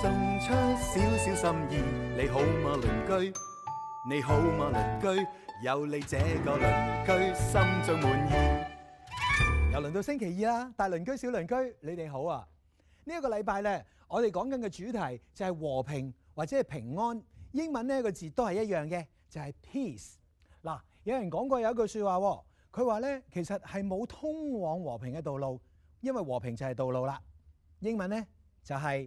送出少少心意，你好嘛鄰居？你好嘛鄰居？有你這個鄰居，心中滿意。又輪到星期二啦，大鄰居小鄰居，你哋好啊！呢一個禮拜呢，我哋講緊嘅主題就係和平或者係平安，英文呢個字都係一樣嘅，就係 peace。嗱，有人講過有一句說話，佢話呢，其實係冇通往和平嘅道路，因為和平就係道路啦。英文呢，就係。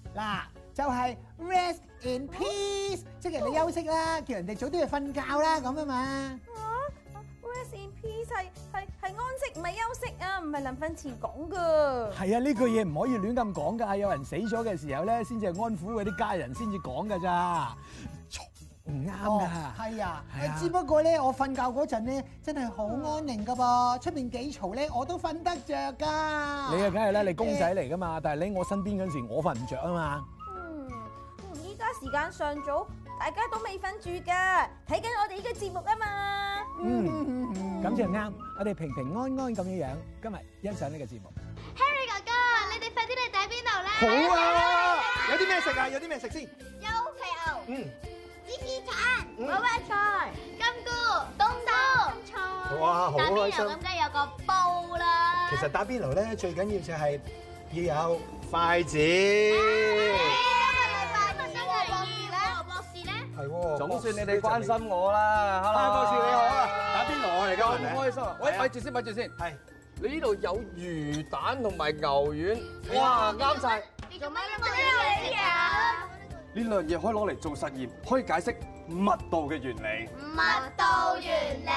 嗱，就係、是、rest in peace，、哦、即係人哋休息啦，叫人哋早啲去瞓覺啦，咁啊嘛。哦、rest in peace 係係係安息唔係休息，不是分的是啊，唔係臨瞓前講噶。係啊，呢句嘢唔可以亂咁講噶，有人死咗嘅時候咧，先至係安撫嗰啲家人先至講噶咋。唔啱噶，係啊，啊，啊！只不過咧，我瞓覺嗰陣咧，真係好安寧噶噃，出面幾嘈咧，我都瞓得着噶。你啊，梗係咧，你公仔嚟噶嘛？但係喺我身邊嗰陣時，我瞓唔着啊嘛。嗯，依家時間尚早，大家都未瞓住㗎，睇緊我哋呢個節目啊嘛。嗯，咁就啱，我哋平平安安咁樣樣，今日欣賞呢個節目。Harry 哥哥，你哋快啲嚟睇邊度啦！好啊，有啲咩食啊？有啲咩食先？優皮牛，嗯。蘿蔔菜、金菇、冬豆、菜。哇，好開心！打邊爐咁梗係有個煲啦。其實打邊爐咧，最緊要就係要有筷子。係咪？博士咧，博士咧。係喎，總算你哋關心我啦，Hello！博士你好啊，打邊爐嚟㗎，好唔開心啊！喂，咪住先，咪住先。係。你呢度有魚蛋同埋牛丸，哇，啱晒！你做乜嘢？呢樣嘢可以攞嚟做實驗，可以解釋。密度嘅原理，密度原理，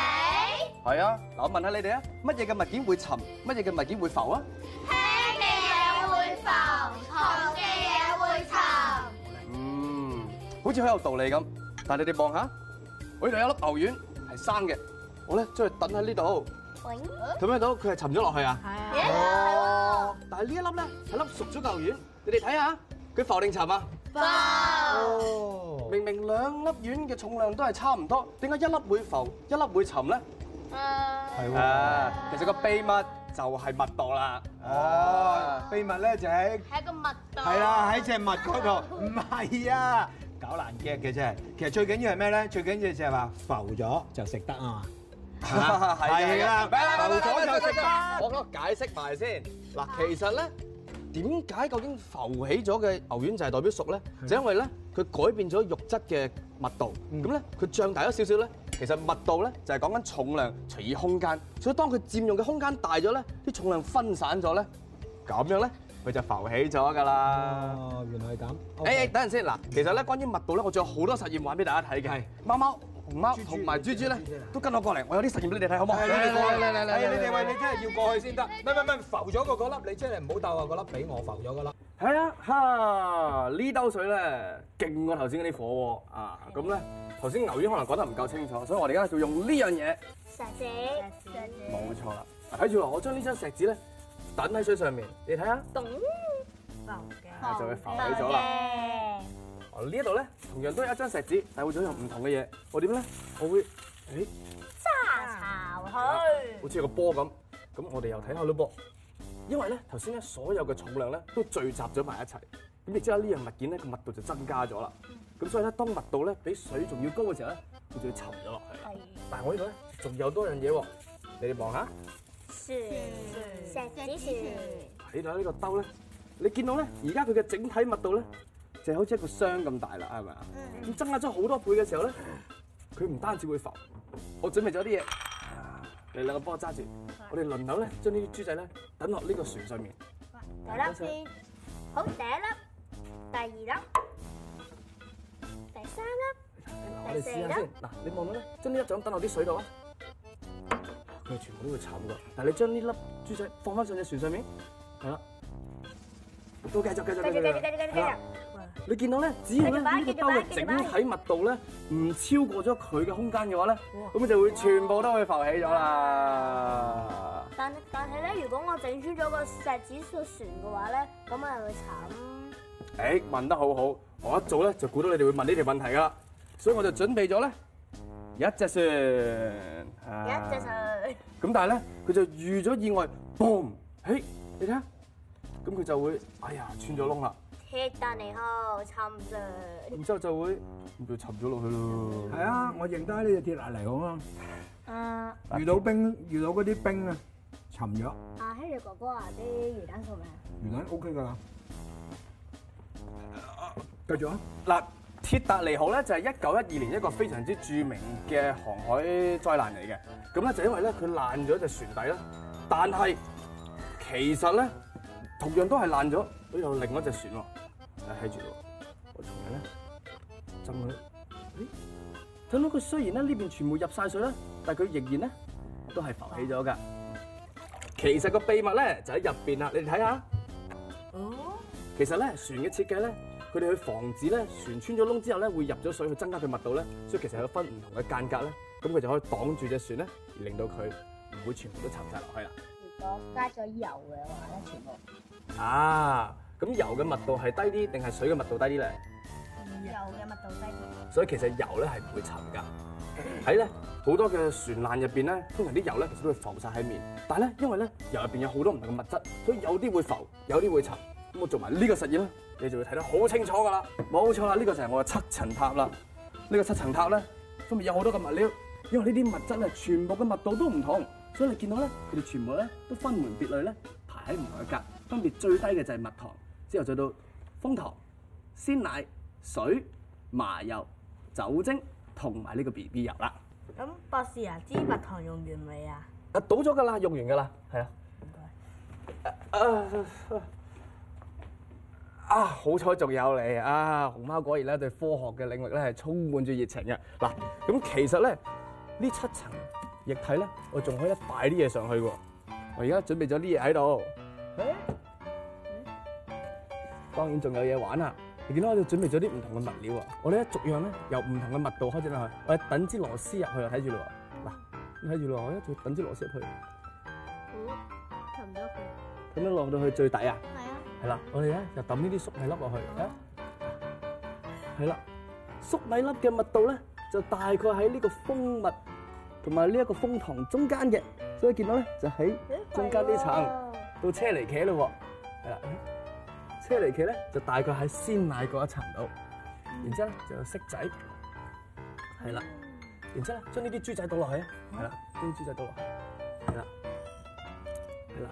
係啊，嗱，我問下你哋啊，乜嘢嘅物件會沉，乜嘢嘅物件會浮啊？輕嘅嘢會浮，重嘅嘢會沉。嗯，好似好有道理咁，但你哋望下，我呢度有粒牛丸係生嘅，我咧將佢揼喺呢度，睇唔睇到佢係沉咗落去啊？係啊。哦，但係呢一粒咧，係粒熟咗牛丸，你哋睇下，佢浮定沉啊？哇！明明兩粒丸嘅重量都係差唔多，點解一粒會浮，一粒會沉咧？啊，係喎。其實個秘密就係密度啦。哦，秘密咧就係喺個密度。係啦，喺隻物嗰度。唔係啊，搞難驚嘅啫。其實最緊要係咩咧？最緊要就係話浮咗就食得啊嘛。係啦，浮咗就食得。我講解釋埋先。嗱，其實咧。點解究竟浮起咗嘅牛丸就係代表熟咧？就因為咧，佢改變咗肉質嘅密度。咁咧，佢脹大咗少少咧，其實密度咧就係講緊重量除以空間。所以當佢佔用嘅空間大咗咧，啲重量分散咗咧，咁樣咧佢就浮起咗㗎啦。哦，原來係咁。誒，等陣先嗱，其實咧關於密度咧，我仲有好多實驗玩俾大家睇嘅，貓貓。熊貓同埋豬豬咧，都跟我過嚟，我有啲實驗俾你哋睇，好唔好？嚟嚟嚟嚟嚟！係你哋餵，你真係要過去先得。唔係唔係唔係，浮咗個嗰粒，你真係唔好鬥啊！嗰粒俾我浮咗個粒。係啊，哈！呢兜水咧勁過頭先嗰啲火喎啊！咁咧頭先牛丸可能講得唔夠清楚，所以我哋而家就用呢樣嘢，石紙，石紙，冇錯啦。睇住啦，我將呢張石紙咧揼喺水上面，你睇下，咚，浮嘅，就浮起咗啦。呢一度咧，同樣都係一張錫紙，但係會種用唔同嘅嘢。我點咧？我會，誒，揸巢去，好似個波咁。咁我哋又睇下咯噃。因為咧，頭先咧所有嘅重量咧都聚集咗埋一齊。咁亦即係呢樣物件咧個密度就增加咗啦。咁所以咧，當密度咧比水仲要高嘅時候咧，佢就要沉咗落去。係。但係我呢度咧仲有多樣嘢，你哋望下。錫錫紙船。睇到呢個兜咧，你見到咧，而家佢嘅整體密度咧。就好似一個箱咁大啦，係咪啊？咁增壓咗好多倍嘅時候咧，佢唔單止會浮，我準備咗啲嘢，你兩個幫我揸住，我哋輪流咧將呢啲豬仔咧等落呢個船上面。第一粒，好，第一粒，第二粒，第三粒，第四粒。嗱，你望下啦，將呢一盞等落啲水度。佢全部都會沉噶。嗱，你將呢粒豬仔放翻上隻船上面，係啦，都繼續繼續繼續。你見到咧，只要咧呢個兜嘅整體密度咧唔超過咗佢嘅空間嘅話咧，咁佢就會全部都可以浮起咗啦。但但係咧，如果我整穿咗個石屎船嘅話咧，咁咪會慘。誒，問得好好，我一早咧就估到你哋會問呢條問題噶啦，所以我就準備咗咧一隻船。一隻船。咁但係咧，佢就預咗意外，boom！誒，你睇，咁佢就會哎呀穿咗窿啦。鐵達尼號沉咗，然之後就會就沉咗落去咯。係啊，我認得呢隻鐵達尼號啊嘛。嗯。遇到冰，遇到嗰啲冰啊，沉咗。啊，Harry 哥哥啊，啲魚蛋做咩啊？魚蛋 OK 噶啦。繼續啊。嗱，鐵達尼號咧就係一九一二年一個非常之著名嘅航海災難嚟嘅。咁咧就因為咧佢爛咗隻船底啦。但係其實咧同樣都係爛咗，都有另一隻船喎。喺住咯，我仲有咧，浸佢，誒、欸，睇到佢雖然咧呢邊全部入晒水啦，但係佢仍然咧都係浮起咗噶。啊啊。其實個秘密咧就喺入邊啦，你哋睇下。哦。其實咧船嘅設計咧，佢哋去防止咧船穿咗窿之後咧會入咗水去增加佢密度咧，所以其實有分唔同嘅間隔咧，咁佢就可以擋住隻船咧，而令到佢唔會全部都沉晒落去啦。如果加咗油嘅話咧，全部。啊。咁油嘅密度係低啲定係水嘅密度低啲咧？油嘅密度低啲。所以其實油咧係唔會沉噶，喺咧好多嘅船難入邊咧，通常啲油咧其實都會浮晒喺面。但係咧，因為咧油入邊有好多唔同嘅物質，所以有啲會浮，有啲會沉。咁我做埋呢個實驗咧，你就會睇得好清楚噶啦。冇錯啦，呢個就係我嘅七層塔啦。呢個七層塔咧，分別有好多嘅物料，因為呢啲物質咧全部嘅密度都唔同，所以你見到咧佢哋全部咧都分門別類咧排喺唔同嘅格，分別最低嘅就係蜜糖。之後再到蜂糖、鮮奶、水、麻油、酒精同埋呢個 B B 油啦。咁博士啊，支蜜糖用完未啊，啊？啊，倒咗噶啦，用完噶啦，係啊。唔該。啊，啊好彩仲有你！啊！熊貓果然咧對科學嘅領域咧係充滿住熱情嘅嗱。咁、啊啊、其實咧呢七層液體咧，我仲可以擺啲嘢上去喎。我而家準備咗啲嘢喺度。嗯當然仲有嘢玩啊！你見到我哋準備咗啲唔同嘅物料啊！我哋一逐樣咧由唔同嘅密度開始落去，我哋等支螺絲入去，啊，睇住咯喎！嗱，睇住落去啊，再等支螺絲入去。好沉咗佢。咁樣落到去最底啊？係啊。係啦，我哋咧就揼呢啲粟米粒落去。係啦、啊，粟米粒嘅密度咧就大概喺呢個蜂蜜同埋呢一個蜂糖中間嘅，所以見到咧就喺中間呢層到車厘茄咯喎。係啦。車釐茄咧就大概喺鮮奶嗰一層度，然之後咧就有色仔，係啦，然之後咧將呢啲豬仔倒落去，係啦，啲豬仔倒落，係啦，係啦，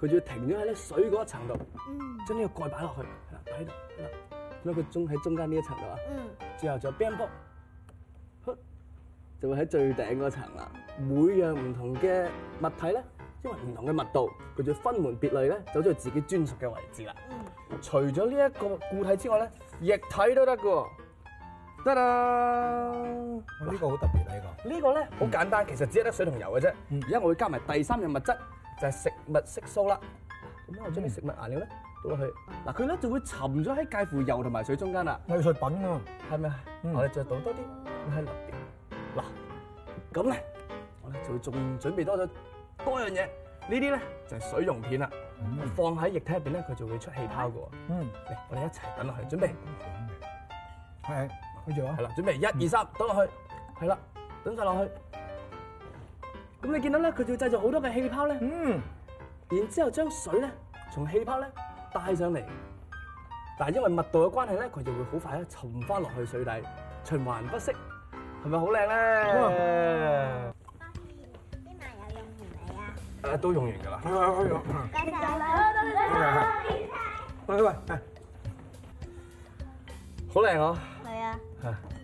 佢仲要停咗喺啲水嗰一層度，將、嗯、呢個蓋擺落去，係啦，擺喺度，係啦，咁佢中喺中間呢一層度。話，嗯，最後有就有乒乓波就會喺最頂嗰層啦。每樣唔同嘅物體咧。因為唔同嘅密度，佢就分門別類咧，走咗去自己專屬嘅位置啦、嗯。除咗呢一個固體之外咧，液體都得嘅。得啦，呢、這個好特別啊！呢、這個這個呢個咧好簡單，其實只係得水同油嘅啫。而、嗯、家我會加埋第三樣物質，就係、是、食物色素啦。咁、嗯、我將啲食物顏料咧倒落去，嗱、嗯，佢咧就會沉咗喺介乎油同埋水中間啦。藝術品啊，係咪、嗯？我哋再倒多啲，好喺度。嗱，咁咧，我咧就仲準備多咗。多樣嘢，呢啲咧就係、是、水溶片啦。Mm -hmm. 放喺液體入邊咧，佢就會出氣泡，㗎嗯，嚟、mm -hmm.，我哋一齊等落去，準備，係去咗，係啦，準備一二三，倒落去，係啦，等晒落去。咁你見到咧，佢就製造好多嘅氣泡咧。嗯、mm -hmm.，然之後將水咧從氣泡咧帶上嚟，但係因為密度嘅關係咧，佢就會好快咧沉翻落去水底，循環不息，係咪好靚咧？Mm -hmm. 都用完噶啦，開用。係係係。喂喂喂，好靚哦！係啊。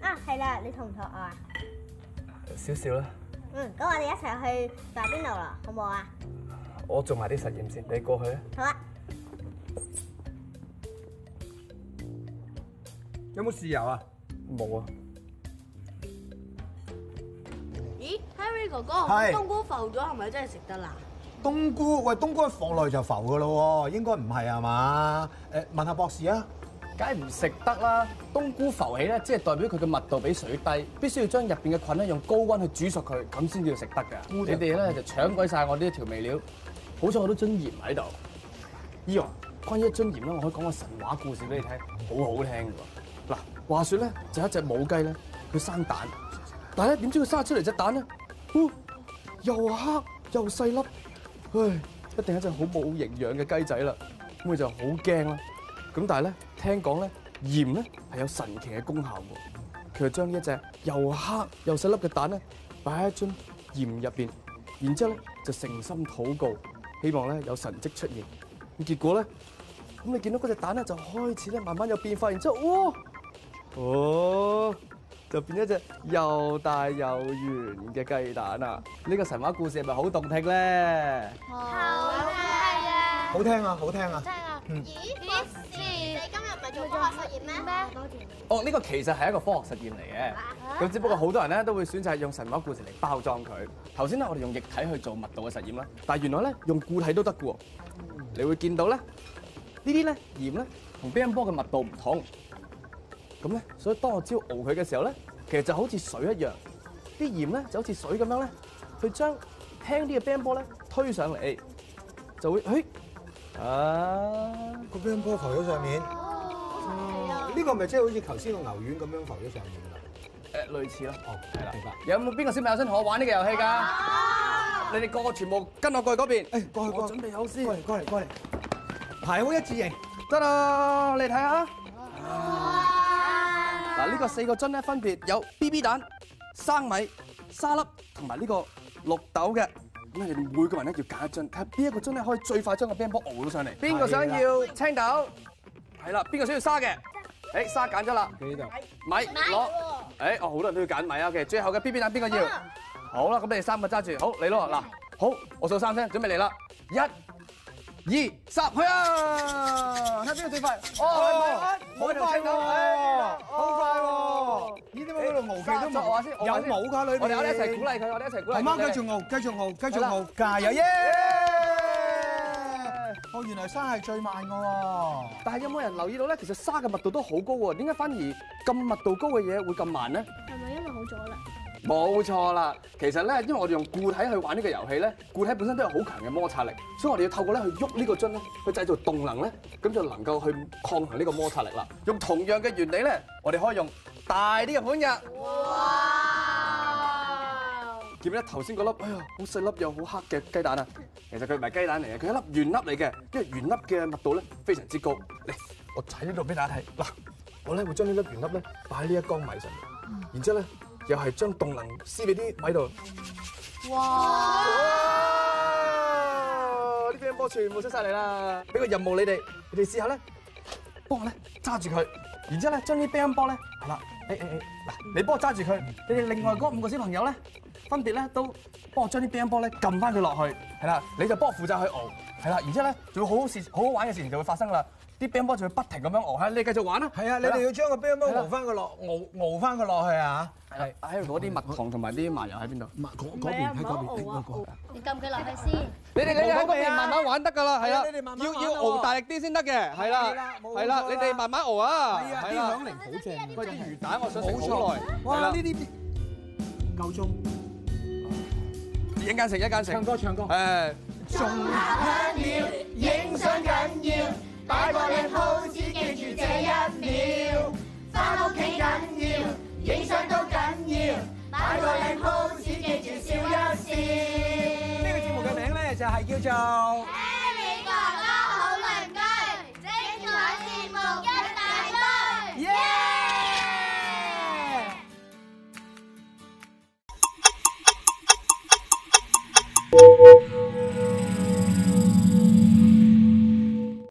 啊，係啦，你同唔同啊？少少啦。嗯，咁我哋一齊去打邊爐啦，好唔好啊？我做埋啲實驗先，你過去啊。好啊。有冇豉油啊？冇啊。咦，Harry 哥哥，冬菇浮咗，係咪真係食得啦？冬菇喂，冬菇一放耐就浮噶咯喎，應該唔係係嘛？誒，問下博士啊，梗係唔食得啦！冬菇浮起咧，即係代表佢嘅密度比水低，必須要將入邊嘅菌咧用高溫去煮熟佢，咁先至食得㗎。你哋咧就搶鬼晒我呢啲調味料，好彩我都樽鹽喺度。依黃，關於一樽鹽咧，我可以講個神話故事俾你聽，好好聽㗎喎。嗱，話說咧，就有一隻母雞咧，佢生蛋，但係咧點知佢生出嚟隻蛋咧，嗯、哦，又黑又細粒。唉，一定係一隻好冇營養嘅雞仔啦，咁佢就好驚啦。咁但係咧，聽講咧鹽咧係有神奇嘅功效喎。佢就將呢一隻又黑又細粒嘅蛋咧，擺喺一樽鹽入邊，然之後咧就誠心禱告，希望咧有神蹟出現。咁結果咧，咁你見到嗰隻蛋咧就開始咧慢慢有變化，然之後，哇！哦！就變咗隻又大又圓嘅雞蛋啊！呢個神話故事係咪好動聽咧？好啊！好聽啊！好聽啊！好聽啊！咦？Buster，你今日唔係做科學實驗咩？咩？哦，呢個其實係一個科學實驗嚟嘅。咁只不過好多人咧都會選擇用神話故事嚟包裝佢。頭先咧我哋用液體去做密度嘅實驗啦，但係原來咧用固體都得嘅喎。你會見到咧呢啲咧鹽咧同乒乓波嘅密度唔同。咁咧，所以當我招熬佢嘅時候咧，其實就好似水一樣，啲鹽咧就好似水咁樣咧，佢將輕啲嘅冰波咧推上嚟，就會，嘿，啊，個冰波浮咗上面，哦，係啊，呢個咪即係好似頭先個牛丸咁樣浮咗上面㗎啦，誒，類似咯，哦，係啦，明白。有冇邊個小朋友想同我玩呢個遊戲㗎？你哋個個全部跟我過去嗰邊，誒，過去，我準備好先，過嚟，過嚟，過嚟，排好一字型，得啦，你嚟睇下。嗱，呢個四個樽咧分別有 BB 蛋、生米、沙粒同埋呢個綠豆嘅。咁啊，你哋每個人咧要揀一樽，睇下邊一個樽咧可以最快將個乒乓球熬到上嚟。邊個想要青豆？係啦，邊個想要沙嘅？誒，沙揀咗啦。佢呢度。米攞。誒，哦，好多人都要揀米啊。OK，最後嘅 BB 蛋邊個要？好啦，咁你哋三個揸住，好，嚟囉。嗱，好，我數三聲，準備嚟啦，一。二，十去啊！睇下邊個最快。哦，好快喎！好快喎！咦，點解喺度牛皮都冇啊！先有冇噶裏邊？我哋我哋一齊鼓勵佢，我哋一齊鼓勵佢。阿媽繼續牛，繼續牛，繼續牛！加油！耶！哦，原來沙係最慢喎。但係有冇人留意到咧？其實沙嘅密度都好高喎，點解反而咁密度高嘅嘢會咁慢咧？係咪因為好阻啦？冇錯啦，其實咧，因為我哋用固體去玩呢個遊戲咧，固體本身都有好強嘅摩擦力，所以我哋要透過咧去喐呢個樽咧，去製造動能咧，咁就能夠去抗衡呢個摩擦力啦。用同樣嘅原理咧，我哋可以用大啲嘅盤嘅。哇！見唔見到頭先嗰粒？哎呀，好細粒又好黑嘅雞蛋啊！其實佢唔係雞蛋嚟嘅，佢係一粒圓粒嚟嘅，因為圓粒嘅密度咧非常之高。嚟，我喺呢度俾大家睇嗱，我咧會將呢粒圓粒咧擺喺呢一缸米上面，然之後咧，又係將動能施俾啲位度。哇！啲兵乓波全部出曬嚟啦！俾個任務你哋，你哋試下咧，幫我咧揸住佢，然之後咧將啲兵乓波呢，呢、哎哎，你幫我揸住佢，你哋另外嗰五個小朋友呢，分別咧都幫我將啲兵乓波咧撳翻佢落去，你就幫我負責去熬，然後咧就會好好玩嘅事情就會發生啦。啲冰波就不停咁樣熬，你繼續玩啦。係啊，你哋要將個冰波熬翻佢落，熬熬翻佢落去啊！係，喺度攞啲蜜糖同埋啲麻油喺邊度？嗰嗰邊喺嗰邊，你撳佢落去先。你哋你喺嗰邊慢慢玩得㗎啦，係啦，要要熬大力啲先得嘅，係啦，係啦，你哋慢慢熬啊！啲響鈴好正，喂，啲魚蛋我想攞出來。哇！呢啲唔夠鐘，一間食一間食。唱歌唱歌。誒。擺個靚甫士，記住這一秒，翻屋企緊要，影相都緊要，擺個靚甫士，記住笑一笑。呢個節目嘅名咧就係叫做。